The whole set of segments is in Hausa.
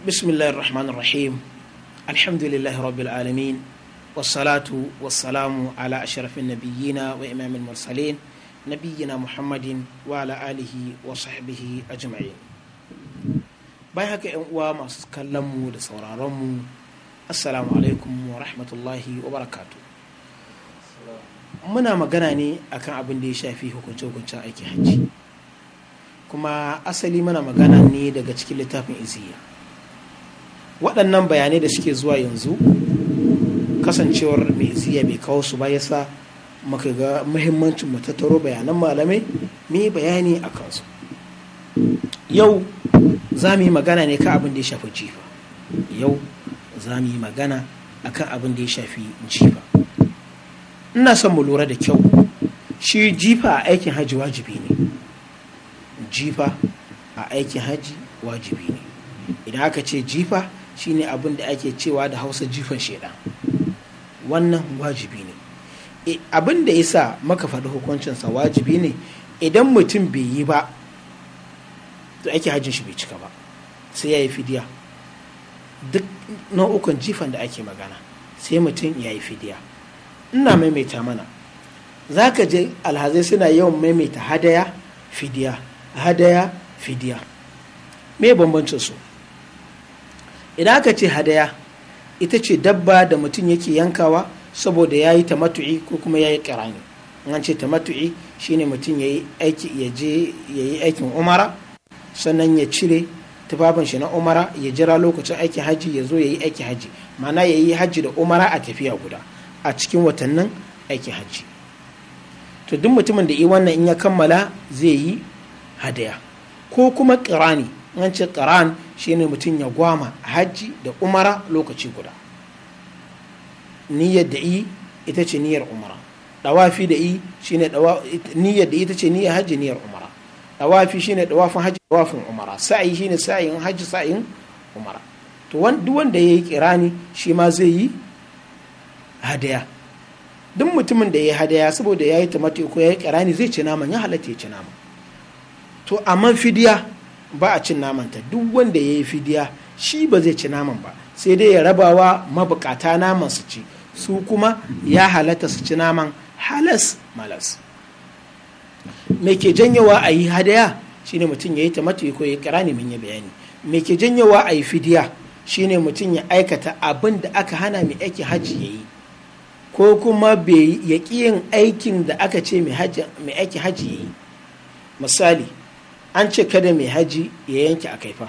bismillahir rahmanir rahim alhamdulillah rabbil alamin was salatu was salam ala ashrafin nabiyina wa imamil mursalin nabiyina muhammadin wa ala alihi wa sahbihi ajma'in bai haka yan uwa masu kallon mu da sauraron mu assalamu alaikum wa rahmatullahi wa barakatuh muna magana ne akan abin da ya shafi hukunci hukuncin aiki haji kuma asali muna magana ne daga cikin littafin iziyya waɗannan bayanai da suke zuwa yanzu kasancewar mai ziya bai kawo su ba yasa ga muhimmancin mu bayanan malamai mai bayani a kansu yau za mu yi magana ne kan abin da ya shafi jifa yau za mu yi magana akan abin da ya shafi jifa ina son mu lura da kyau shi jifa a aikin hajji wajibi ne jifa a aikin hajji wajibi ne idan aka ce jifa shine abin da ake cewa da hausa jifan sheda wannan wajibi ne e, abin da ya sa maka faɗi hukuncinsa wajibi ne idan mutum bai yi ba to ake hajjin shi bai cika ba sai ya yi fidiya duk nau'ukan jifan da ake magana sai mutum ya yi fidiya ina maimaita mana za ka je alhazai suna yawan maimaita hadaya fidiya hadaya fidiya me bambancin su idan aka ce hadaya ita ce dabba da mutum yake yankawa saboda ya yi tamatu'i ko kuma ya yi kirani an ce tamatu'i shine mutum ya yi aikin umara sannan ya cire tufafin shi na umara ya jira lokacin aikin haji ya zo ya yi aikin haji mana ya yi haji da umara a tafiya guda a cikin watannin aikin haji. to duk mutumin da yi wannan in ya kammala zai yi hadaya ko kuma ƙirani. an ce shi shine mutum ya gwama hajji da umara lokaci guda niyyar da i ita ce niyyar umara dawafi da i shine niyyar da ita ce niyyar hajji niyyar umara dawafi shine dawafin hajji dawafin umara sa'i shine sa'in hajji sa'in umara to duk wanda yi kirani shi ma zai yi hadaya duk mutumin da ya yi hadaya saboda ya yayi tumatir ko yi kirani zai ci naman ya halatta ya ci naman to amma fidiya ba a cin namanta duk wanda ya yi fidiya shi ba zai ci naman ba sai dai ya rabawa mabukata naman su ci su kuma ya halatta su ci naman halas malas me ke janyawa a yi hadaya shine mutum ya yi ta mata ko ya kira ne mun yi bayani me ke janyawa a yi fidiya shine mutum ya aikata abin da aka hana mai aiki haji ya yi ko kuma ya ƙi yin aikin da aka ce mai aiki haji ya yi misali an ce kada mai haji ya yanke a kaifa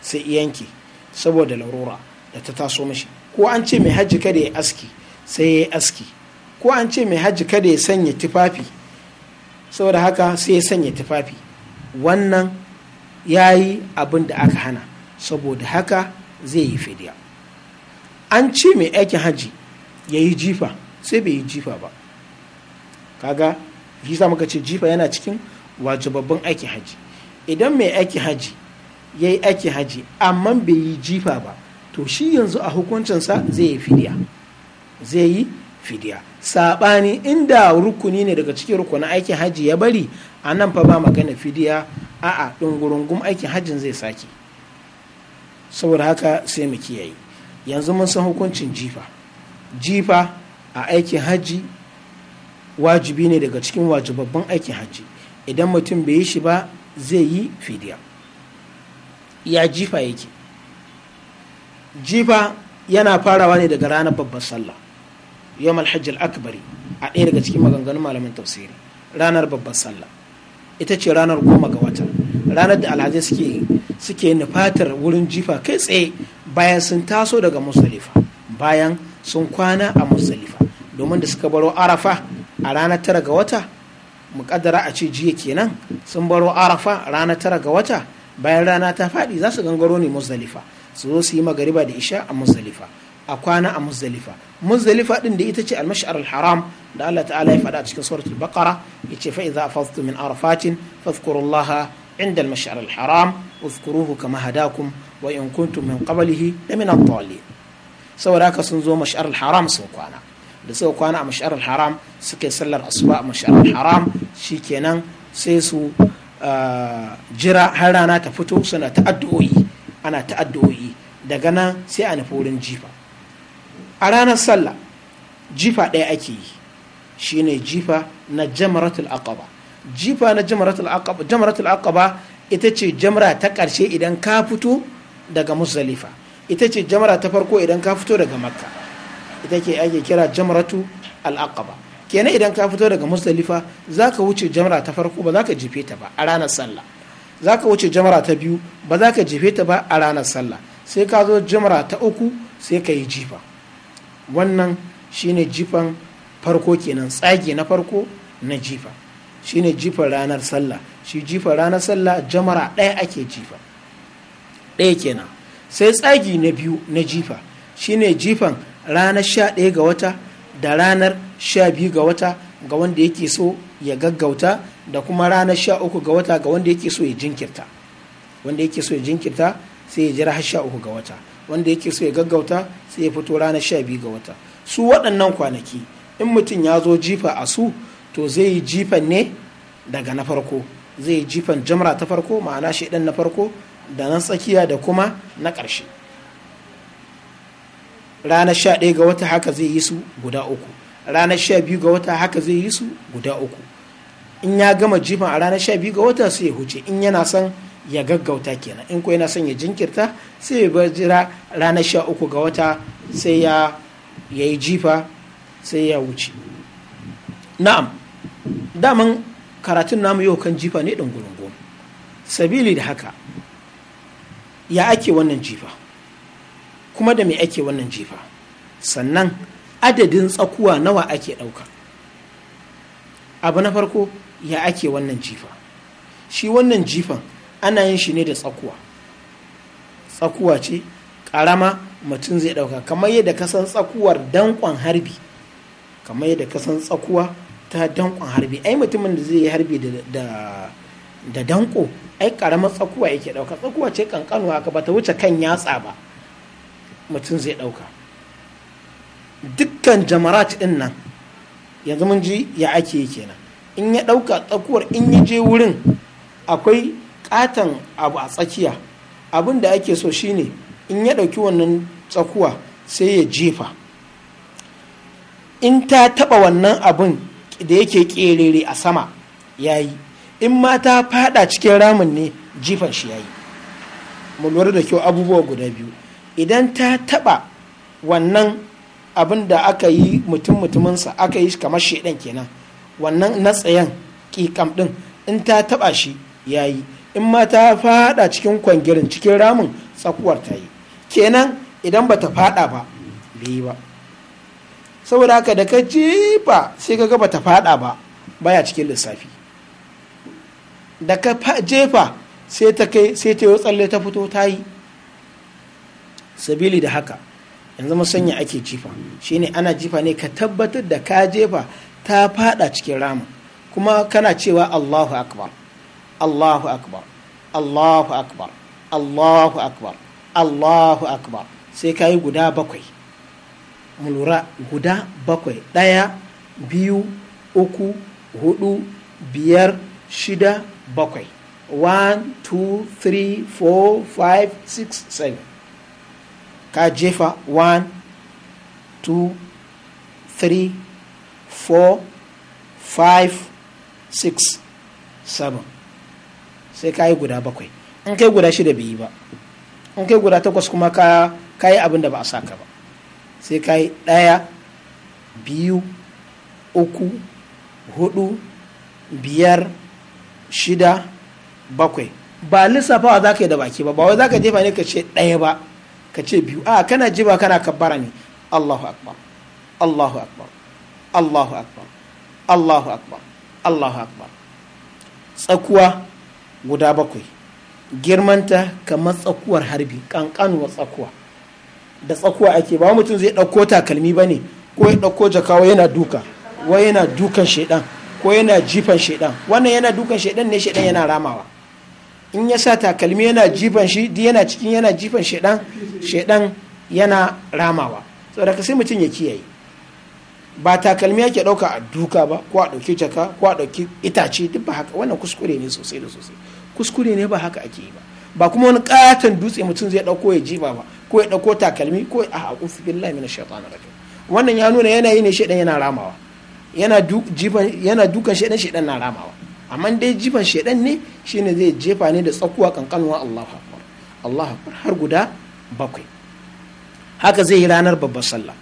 sai yanke saboda larura da ta taso mashi ko an ce mai haji kada ya aski sai ya aski ko an ce mai haji kada ya sanya tufafi saboda haka sai ya sanya tufafi wannan ya yi abin da aka hana saboda haka zai yi fidiya an ce mai aikin haji ya yi jifa sai bai yi jifa ba kaga shi muka ce jifa yana cikin babban aiki haji idan mai aiki haji ya yi aiki haji amma bai yi jifa ba to shi yanzu a hukuncinsa zai yi fidiya zai yi fidiya saɓani inda rukuni ne daga cikin rukunin aiki haji ya bari a nan fa ba magana fidiya a a ɗungurungun aikin hajjin zai sake saboda haka sai mu kiyaye yanzu mun san hukuncin jifa jifa a aikin haji wajibi ne daga cikin wajibabban aikin haji idan mutum bai yi shi ba zai yi fidiya ya jifa yake jifa yana farawa ne daga ranar babbar sallah yawm alhajj akbari a ɗaya daga cikin maganganun malamin tafsiri ranar babban sallah ita ce ranar goma ga wata ranar da alhaji suke suke nufatar wurin jifa kai tsaye bayan sun taso daga musalifa bayan sun kwana a musalifa domin da suka baro arafa a ranar tara ga wata muƙaddara a ce jiya kenan sun baro arafa rana tara ga wata bayan rana ta faɗi za su gangaro ne muzdalifa su zo su yi magariba da isha a muzdalifa a kwana a muzdalifa muzdalifa din da ita ce almashar alharam da Allah ta'ala ya faɗa a cikin suratul baqara yace fa idza afadtu min arafatin fadhkurullaha inda almashar alharam uzkuruhu kama hadakum wa in kuntum min qablihi lamina ad-dallin saboda haka sun zo mashar alharam sun kwana da suka kwana a mashar haram suka sallar asuba a mashar haram shikenan sai su ah, jira har rana ta fito suna ta'addu'o'i ana ta'addu'o'i daga nan sai a nufi wurin jifa a ranar sallah jifa ɗaya ake yi shine jifa na jamaratul aqaba jifa na jamaratul aqaba jamaratul aqaba ita ce jamra ta ƙarshe idan ka fito daga musdalifa ita ce jamra ta farko idan ka fito daga makka ita ke ake kira jamratu al'aqaba kenan idan ka fito daga musdalifa za ka wuce jamra ta farko ba za ka jefe ta ba a ranar sallah za ka wuce jamra ta biyu ba za ka jefe ta ba a ranar sallah sai ka zo jamra ta uku sai ka yi jifa wannan shine jifan farko kenan tsage na farko na jifa shine jifan ranar sallah shi jifan ranar sallah jamra ɗaya ake jifa ɗaya kenan sai tsagi na biyu na jifa shine jifan ranar sha ɗaya ga wata da ranar sha biyu ga wata ga wanda yake so ya gaggauta da kuma ranar sha uku ga wata ga wanda yake so ya jinkirta wanda yake so ya jinkirta sai ya jira har sha uku ga wata wanda yake so ya gaggauta sai ya fito ranar sha biyu ga wata su waɗannan kwanaki in mutum ya zo jifa a su to zai yi jifan ne daga na farko zai yi jifan jamra ta farko ma'ana shaidan na farko da nan tsakiya da kuma na ƙarshe ranar sha ɗaya ga wata haka zai yi su guda uku ranar sha biyu ga wata haka zai yi su guda uku in ya gama jifan a ranar sha biyu ga wata sai ya huce in yana son ya gaggauta kenan in ko yana son ya jinkirta sai ya bar jira ranar sha uku ga wata sai ya yi jifa sai ya wuce na'am daman karatun namu yau kan jifa ne gurungun sabili da haka ya ake wannan jifa kuma da me ake wannan jifa sannan adadin tsakuwa nawa ake ɗauka abu na farko ya ake wannan jifa shi wannan jifan ana yin shi ne da tsakuwa tsakuwa ce ƙarama mutum zai ɗauka kamar yadda kasan tsakuwar dankon harbi kamar yadda kasan tsakuwa ta dankon harbi ai mutumin da zai yi harbi da danƙo. ai ƙaramar tsakuwa yake ɗauka tsakuwa ce kankanuwa ka ba ta wuce kan yatsa ba mutum zai ɗauka dukkan jamarat ɗin nan yanzu mun ji ya ake kenan in ya ɗauka tsakuwar in ya je wurin akwai ƙaton abu a tsakiya abin da ake so shine in ya ɗauki wannan tsakuwa sai ya jefa in ta taɓa wannan abin da yake ƙerere a sama ya yi in ma ta faɗa cikin ramin ne jifan shi ya yi mu da kyau abubuwa guda biyu idan ta taɓa wannan abin da aka yi mutum mutuminsa aka yi kamar shaidan kenan wannan na tsayen ƙiƙam ɗin in ta taɓa shi ya yi in ma ta faɗa cikin kwangirin cikin ramin tsakuwar ta yi kenan idan ba ta faɗa ba bai yi ba saboda haka da ka jefa sai ka ba ta faɗa ba baya cikin lissafi da ka jefa sai ta kai sai ta yi tsalle ta fito ta yi sabili da haka yanzu musanya ake jifa shine ana jifa ne ka tabbatar da ka jefa ta fada cikin rama kuma kana cewa Allahu akbar Allahu akbar Allahu akbar Allahu akbar Allahu akbar sai ka yi guda bakwai mu lura guda bakwai ɗaya biyu uku hudu biyar shida bakwai 1 2 3 4 5 6 7 ka jefa 1,2,3,4,5,6,7 sai ka yi guda bakwai in kai guda shida bai yi ba in kai guda takwas kuma ka yi abin da ba a ka ba sai ka yi ɗaya biyu uku hudu biyar shida bakwai ba lissafawa za ka yi da baki ba ba wai za ka jefa ne ka ce ɗaya ba ka ce biyu a kana jiba kana kabbara ne Allahu akbar Allahu akbar Allahu akbar Allahu akbar Allahu akbar tsakuwa guda bakwai girmanta kamar tsakuwar harbi kankanuwar tsakuwa da tsakuwa ake ba mutum zai ɗauko takalmi ba ne ko ya ɗauko jaka wa yana duka wa yana dukan shaidan ko yana jifan shaidan wannan yana dukan shaidan ne shaidan yana ramawa in ya sa takalmi yana jifan shi duk yana cikin yana jifan shedan shedan yana ramawa saboda ka sai mutum ya kiyaye ba takalmi yake dauka a duka ba ko a dauki jaka ko a dauki itace duk ba haka wannan kuskure ne sosai da sosai kuskure ne ba haka ake yi ba ba kuma wani katon dutse mutum zai dauko ya jiba ba ko ya dauko takalmi ko a a'udhu billahi mina shaitan rajim wannan ya nuna yanayi ne shedan yana ramawa yana dukan shedan shedan na ramawa amma dai jifan shaidan ne shine zai jefa ne da tsakuwa kankanuwa Allahu akbar Allahu akbar har guda bakwai haka zai yi ranar babbar sallah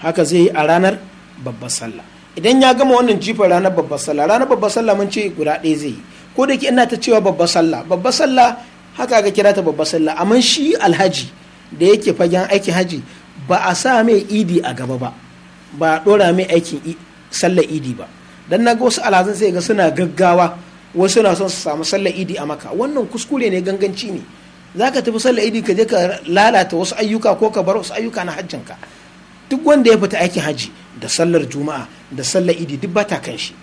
haka zai yi a ranar babbar sallah idan ya gama wannan jifan ranar babbar sallah ranar babbar sallah mun ce guda ɗaya zai yi ko da ke ina ta cewa babbar sallah babbar sallah haka ga kira ta babbar sallah amma shi alhaji da yake fagen aikin haji ba a sa mai idi a gaba ba ba a ɗora mai aikin sallar idi ba dan naga wasu alhazan sai ga suna gaggawa wasu na son su samu sallar idi a maka wannan kuskure ne ganganci ne Za ka tafi sallar idi ka je ka lalata wasu ayyuka ko ka bar wasu ayyuka na hajjin ka duk wanda ya fita aikin hajji da sallar juma'a da sallar idi duk bata kan shi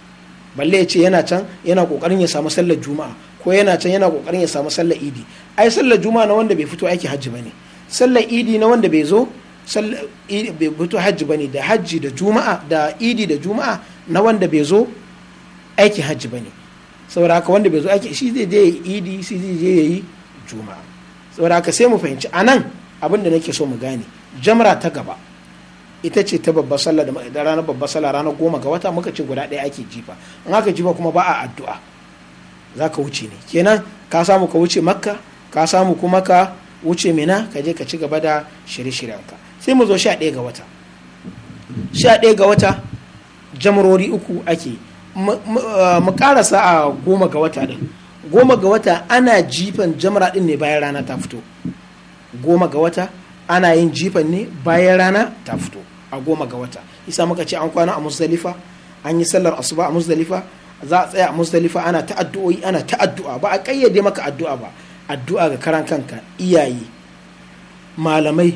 balle ya ce yana can yana kokarin ya samu sallar juma'a ko yana can yana kokarin ya samu sallar idi ai sallar juma'a na wanda bai fito aiki hajji bane sallar idi na wanda bai zo sallar idi bai fito hajji bane da hajji da juma'a da idi da juma'a na wanda bai zo aikin hajji ba ne saboda haka wanda bai zo aiki shi zai je idi shi zai je juma'a saboda haka sai mu fahimci a nan abin da nake so mu gane jamra ta gaba ita ce ta babbar sallah da ranar babbar sallah ranar goma ga wata muka ce guda ɗaya ake jifa in aka jifa kuma ba a addu'a za ka wuce ne kenan ka samu ka wuce makka ka samu kuma ka wuce mina ka je ka ci gaba da shirye-shiryenka sai mu zo sha ɗaya ga wata sha ɗaya ga wata jamarori uku ake uh, mu karasa a goma ga wata din goma ga wata ana jifan jamara din ne bayan rana ta fito goma ga wata ana yin jifan ne bayan rana ta fito a goma ga wata isa muka ce an kwana a musdalifa an yi sallar asuba a musdalifa za a tsaya a musdalifa ana ta'addu'o'i ana ta'addu'a ba a kayyade maka addu'a ba addu'a ga karan kanka iyaye malamai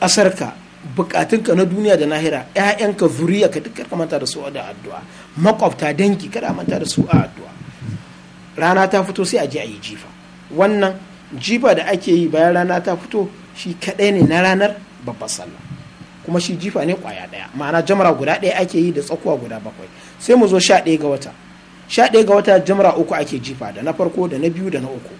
ƙasarka bukatunka na duniya da nahira ƴaƴanka zuriya ka duk manta da su da addu'a makwabta danki kada manta da su a addu'a rana ta fito sai a je a yi jifa wannan jifa da ake yi bayan rana ta fito shi kadai ne na ranar babbar sallah kuma shi jifa ne kwaya ɗaya. ma'ana jamra guda daya ake yi da tsakuwa guda bakwai sai mu zo sha ɗaya ga wata sha ɗaya ga wata jamra uku ake jifa da na farko da na biyu da na uku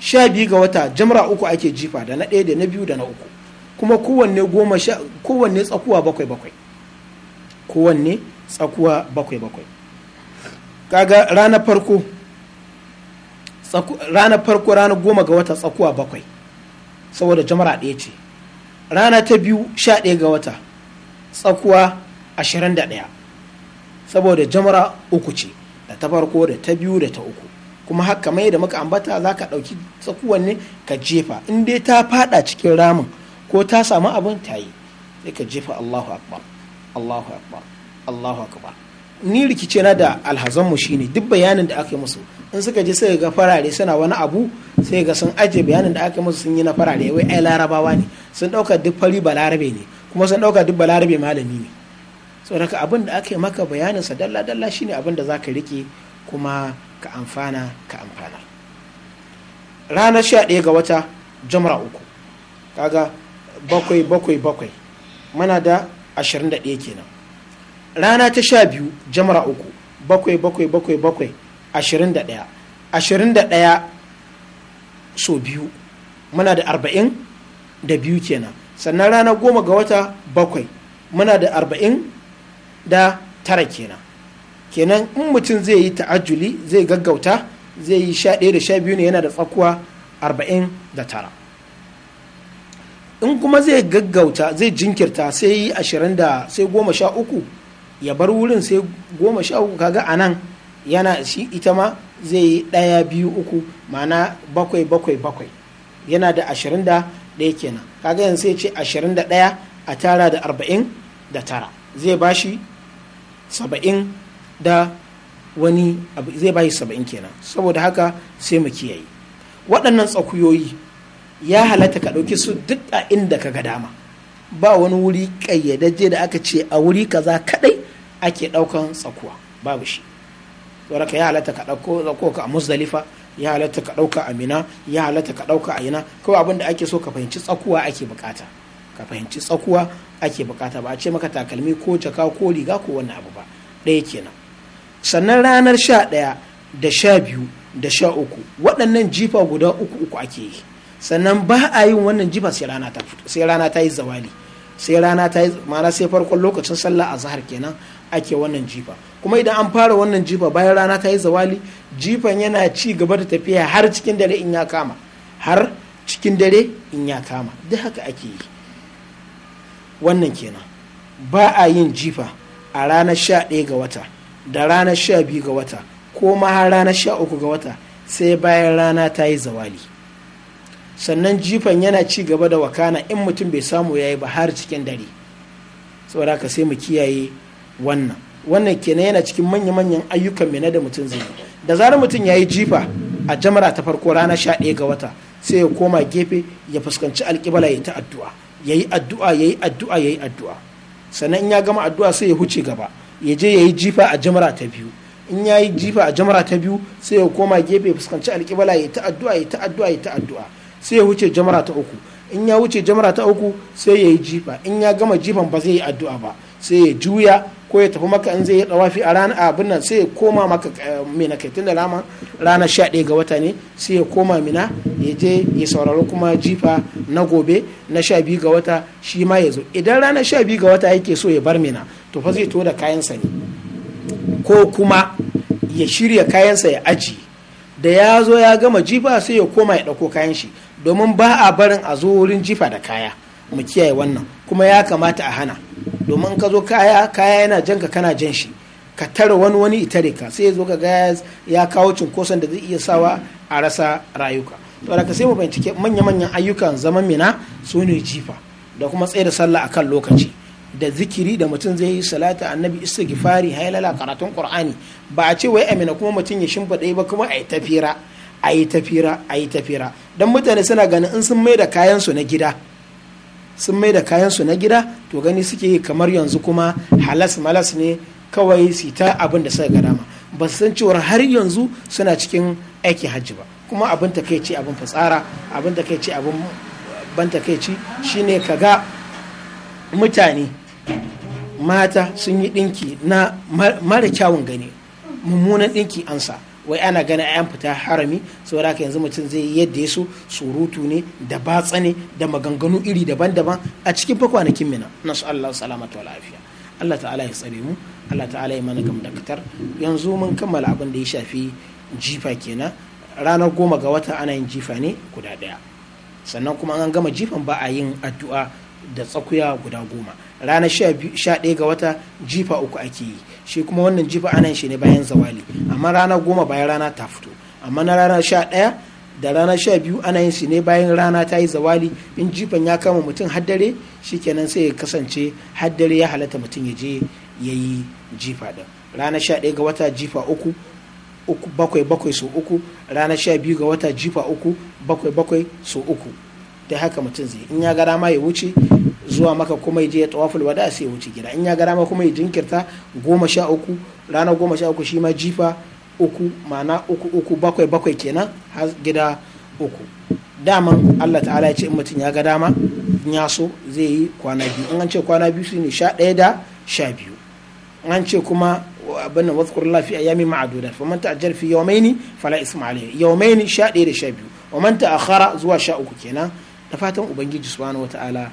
sha biyu ga wata jamra uku ake jifa da na ɗaya da na biyu da na uku kuma kowanne goma sha kowanne tsakuwa bakwai bakwai kowanne tsakuwa bakwai bakwai kaga rana farko rana farko rana goma ga wata tsakuwa bakwai saboda jamara ɗaya ce rana ta biyu sha ɗaya ga wata tsakuwa ashirin da ɗaya saboda jamara uku ce da ta farko da ta biyu da ta uku kuma haka mai da muka ambata za ka ɗauki tsakuwan ne ka jefa in dai ta faɗa cikin ramin ko ta samu abin ta yi sai ka jefa Allahu akbar Allahu akbar Allahu akbar ni rikice na da alhazan mu shine duk bayanin da aka yi musu in suka je sai ga farare suna wani abu sai ga sun aje bayanin da aka yi musu sun yi na farare wai ai larabawa ne sun dauka duk fari balarabe ne kuma sun dauka duk balarabe malami ne saboda abin da aka yi maka bayanin sa dalla dalla shine abin da zaka rike kuma ka amfana ka amfana ranar 11 ga wata jamra uku kaga bakwai bakwai bakwai mana da ashirin da ɗaya kenan rana ta sha biyu jamara uku bakwai bakwai bakwai bakwai ashirin da ɗaya ashirin da ɗaya so biyu muna da arba'in da biyu kenan sannan rana goma ga wata bakwai muna da arba'in da tara kenan kenan in mutum zai yi ta'ajjuli zai gaggauta zai yi sha ɗaya da sha biyu ne yana da tsakuwa arba'in da tara in kuma zai gaggauta zai jinkirta sai yi ashirin da sai goma sha uku ya bar wurin sai goma sha uku kaga a nan yana shi ita ma zai yi ɗaya biyu uku mana bakwai bakwai bakwai yana da ashirin da ɗaya kenan kaga yanzu sai ce ashirin da ɗaya a tara da arba'in da tara zai ba shi saba'in da wani zai bashi saba'in kenan saboda haka sai mu kiyaye waɗannan tsakuyoyi ya halatta ka ɗauki su duk a inda ka ga dama ba wani wuri ƙayyadajje da aka ce a wuri kaza kaɗai ake ɗaukan tsakuwa babu shi ya halatta ka ɗauko ka a musdalifa ya halatta ka ɗauka a mina ya halatta ka ɗauka a ina kawai abin da ake so ka fahimci tsakuwa ake bukata ka fahimci tsakuwa ake bukata ba a ce maka takalmi ko jaka ko riga ko wani abu ba ɗaya kenan sannan ranar sha ɗaya da sha biyu da sha uku waɗannan jifa guda uku uku ake yi sannan ba a yin wannan jifa sai rana ta yi zawali sai rana ta yi ma'ana sai farkon lokacin sallah a zahar kenan ake wannan jifa kuma idan an fara wannan jifa bayan rana ta yi zawali jifan yana ci gaba da tafiya har cikin dare in ya kama har cikin dare in ya kama duk haka ake yi wannan kenan ba a yin jifa a ranar sha ɗaya ga wata da ranar sha biyu ga wata ko ma har ranar sha uku ga wata sai bayan rana ta yi zawali sannan jifan yana ci gaba da wakana in mutum bai samu ya yi ba har cikin dare saboda haka sai mu kiyaye wannan wannan kenan yana cikin manya-manyan ayyukan mena da mutum zai da zarar mutum ya yi jifa a jamara ta farko rana sha ɗaya ga wata sai ya koma gefe ya fuskanci alƙibala ya ta addu'a ya yi addu'a ya yi addu'a ya yi addu'a sannan in ya gama addu'a sai ya huce gaba ya je ya yi jifa a jamara ta biyu in ya yi jifa a jamara ta biyu sai ya koma gefe ya fuskanci alƙibala ya ta addu'a ya ta addu'a ya ta addu'a sai ya wuce jamara ta uku in ya wuce jamara ta uku sai ya yi jifa in ya gama jifan ba zai yi addu'a ba sai ya juya ko ya tafi maka in zai yi dawafi a ranar abin nan sai ya koma maka eh, mina kai tunda rama ranar sha ɗaya ga wata ne sai ya koma mina ya je ya saurari kuma jifa na gobe na sha biyu ga wata shi ma ya zo idan ranar sha biyu ga wata yake so ya bar mina to fa zai to da kayansa ne ko kuma ya shirya kayansa ya aji da ya zo ya gama jifa sai ya koma ya ɗauko kayan shi domin ba a barin a zo wurin jifa da kaya mu kiyaye wannan kuma ya kamata a hana domin ka zo kaya kaya yana jan ka kana jan shi ka tare wani wani itare ka sai zo ka ga ya kawo cunkoson da zai iya sawa a rasa rayuka saboda ka sai mu bincike manya-manyan ayyukan zaman mina su ne jifa da kuma tsaye da sallah akan lokaci da zikiri da mutum zai yi salata annabi isa gifari haylala karatun qur'ani ba a ce wai amina kuma mutum ya shimfa ɗaya ba kuma a yi tafira a yi tafira a yi tafira don mutane suna ganin in sun mai da kayansu na gida sun mai da kayansu na gida to gani suke yi kamar yanzu kuma halas malas ne kawai su ta abin da suka dama ba su san cewar har yanzu suna cikin aiki hajji ba kuma abin ta kai ce abin fatsara abin ta kai ce abin ban ta kai ci shine ga mutane mata sun yi dinki na mara kyawun gani mummunan dinki ansa wai ana gana yan fita harami saboda haka yanzu mutum zai yadda ya so surutu ne da batsa ne da maganganu iri daban-daban a cikin fa kwanakin mina nasu Allah salamatu wa lafiya Allah ta'ala ya tsare mu Allah ta'ala ya mana gam dakatar yanzu mun kammala abin da ya shafi jifa kenan ranar goma ga wata ana yin jifa ne guda daya sannan kuma an gama jifan ba a yin addu'a da tsakuya guda goma ranar sha ɗaya ga wata jifa uku ake yi shi kuma wannan jifa anan shi ne bayan zawali amma rana goma bayan rana ta fito amma na rana sha ɗaya da rana sha biyu ana yin shi ne bayan rana ta yi zawali in jifan ya kama mutum haddare shi kenan sai ya kasance haddare ya halatta mutum ya je ya yi jifa ɗin rana sha ɗaya ga wata jifa uku uku bakwai bakwai so uku rana sha biyu ga wata jifa uku bakwai bakwai so uku da haka mutum zai in ya ga dama ya wuce zuwa maka kuma ya je ya tawaful wada sai wuce gida in ya ga ma kuma ya jinkirta goma sha uku rana goma sha uku shi ma jifa uku ma'ana uku uku bakwai bakwai kenan har gida uku daman Allah ta'ala ya ce in mutum ya ga dama ya so zai yi kwana biyu in an ce kwana biyu ne sha ɗaya da sha biyu in an ce kuma abin nan wasu lafi a yami ma'adudat fa man ta'ajjar fi yawmaini fala isma alayhi yawmaini sha ɗaya da sha biyu wa man ta'akhara zuwa sha uku kenan da fatan ubangiji subhanahu ta'ala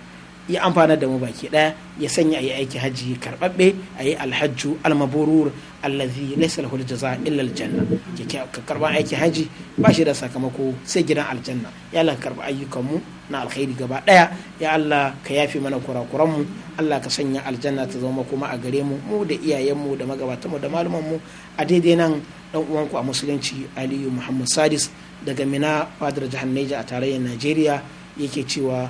ya amfana da mu baki ɗaya ya sanya ayi aiki haji a ayi alhajju almaburur allazi laysa lahu jaza illa aljanna ka karɓan aiki hajji ba shi da sakamako sai gidan aljanna ya Allah karɓa ayyukan mu na alkhairi gaba ɗaya ya Allah ka yafi mana kurakuran mu Allah ka sanya aljanna ta zama kuma a gare mu mu da iyayen mu da magabatan mu da malaman mu a daidai nan dan uwanku a musulunci Aliyu Muhammad Sadis daga Mina fadar jihar a tarayyar Najeriya yake cewa